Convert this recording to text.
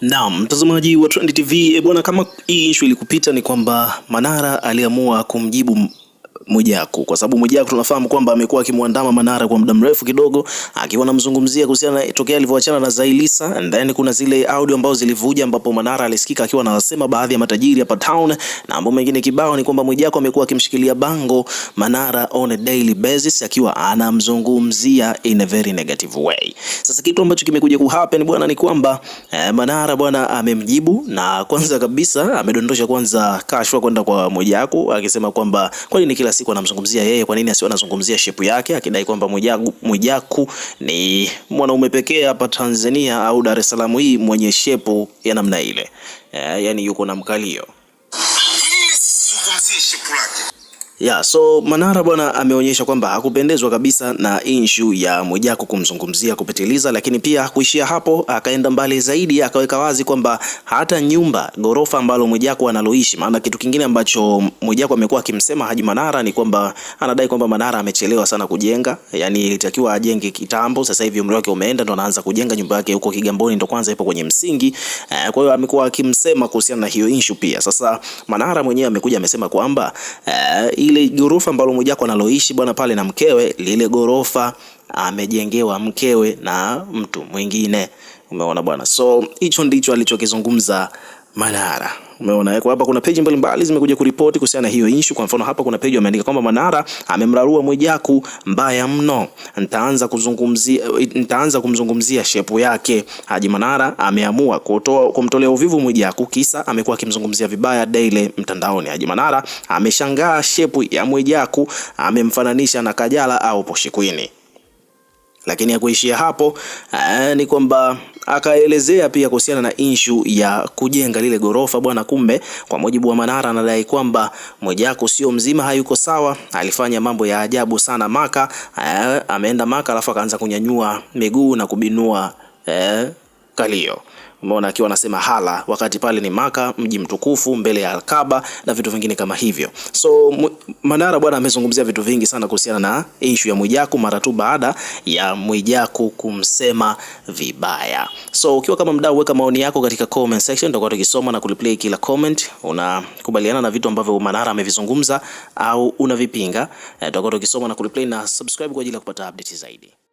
Naam, mtazamaji wa Trend TV, eh, bwana, kama hii issue ilikupita ni kwamba Manara aliamua kumjibu Mwijaku, kwa sababu Mwijaku tunafahamu kwamba amekuwa akimwandama Manara kwa muda mrefu kidogo, akiwa anamzungumzia kuhusiana na tokea alivyoachana na Zailisa. And then kuna zile audio ambazo zilivuja, ambapo Manara alisikika akiwa anasema baadhi ya matajiri hapa town na mambo mengine kibao. Ni kwamba Mwijaku amekuwa akimshikilia bango Manara on a daily basis, akiwa anamzungumzia in a very negative way. Sasa kitu ambacho kimekuja ku happen bwana ni kwamba eh, Manara bwana amemjibu na kwanza kabisa amedondosha kwanza kashwa kwenda kwa Mwijaku akisema kwamba kwani ni kila siku anamzungumzia yeye, kwa nini asiwe anazungumzia shepu yake, akidai kwamba Mwijaku, Mwijaku ni mwanaume pekee hapa Tanzania au Dar es Salaam hii mwenye shepu ya namna ile, yaani yuko na mkalio. Ya, so Manara bwana ameonyesha kwamba hakupendezwa kabisa na inshu ya Mwijaku kumzungumzia kupitiliza, lakini pia kuishia hapo, akaenda mbali zaidi, akaweka wazi kwamba hata nyumba gorofa ambalo Mwijaku analoishi, maana kitu kingine ambacho Mwijaku amekuwa akimsema Haji Manara ni kwamba anadai kwamba Manara amechelewa sana kujenga, yani ilitakiwa ajenge kitambo, sasa hivi umri wake umeenda, ndo anaanza kujenga nyumba yake huko Kigamboni, ndo kwanza ipo kwenye msingi. Eh, kwa hiyo amekuwa akimsema kuhusiana na hiyo inshu pia. Sasa Manara mwenyewe amekuja amesema kwamba eh, ile ghorofa ambalo Mwijaku analoishi bwana pale na mkewe, lile ghorofa amejengewa mkewe na mtu mwingine. Umeona bwana, so hicho ndicho alichokizungumza Manara. Umeona eh, kwa hapa kuna peji mbalimbali zimekuja kuripoti kuhusiana na hiyo issue. Kwa mfano hapa kuna peji wameandika kwamba Manara amemrarua Mwijaku mbaya mno, nitaanza kuzungumzia nitaanza kumzungumzia shepu yake. Haji Manara ameamua kutoa kumtolea uvivu Mwijaku, kisa amekuwa akimzungumzia vibaya daily mtandaoni. Haji Manara ameshangaa shepu ya Mwijaku, amemfananisha na Kajala au Poshikwini. Lakini hakuishia hapo, aa, eh, ni kwamba akaelezea pia kuhusiana na inshu ya kujenga lile gorofa bwana. Kumbe kwa mujibu wa Manara, anadai kwamba Mwijaku sio mzima, hayuko sawa, alifanya mambo ya ajabu sana Maka. Aa, eh, ameenda Maka alafu akaanza kunyanyua miguu na kubinua eh, kalio umeona akiwa anasema hala, wakati pale ni Maka, mji mtukufu, mbele ya Alkaba na vitu vingine kama hivyo. So Manara bwana amezungumzia vitu vingi sana kuhusiana na issue ya Mwijaku mara tu baada ya Mwijaku kumsema vibaya. So ukiwa kama mdau, weka maoni yako katika comment section, tutakuwa tukisoma na kuliplay kila comment. Unakubaliana na vitu ambavyo Manara amevizungumza au unavipinga? Eh, tutakuwa tukisoma na kuliplay na subscribe kwa ajili ya kupata update zaidi.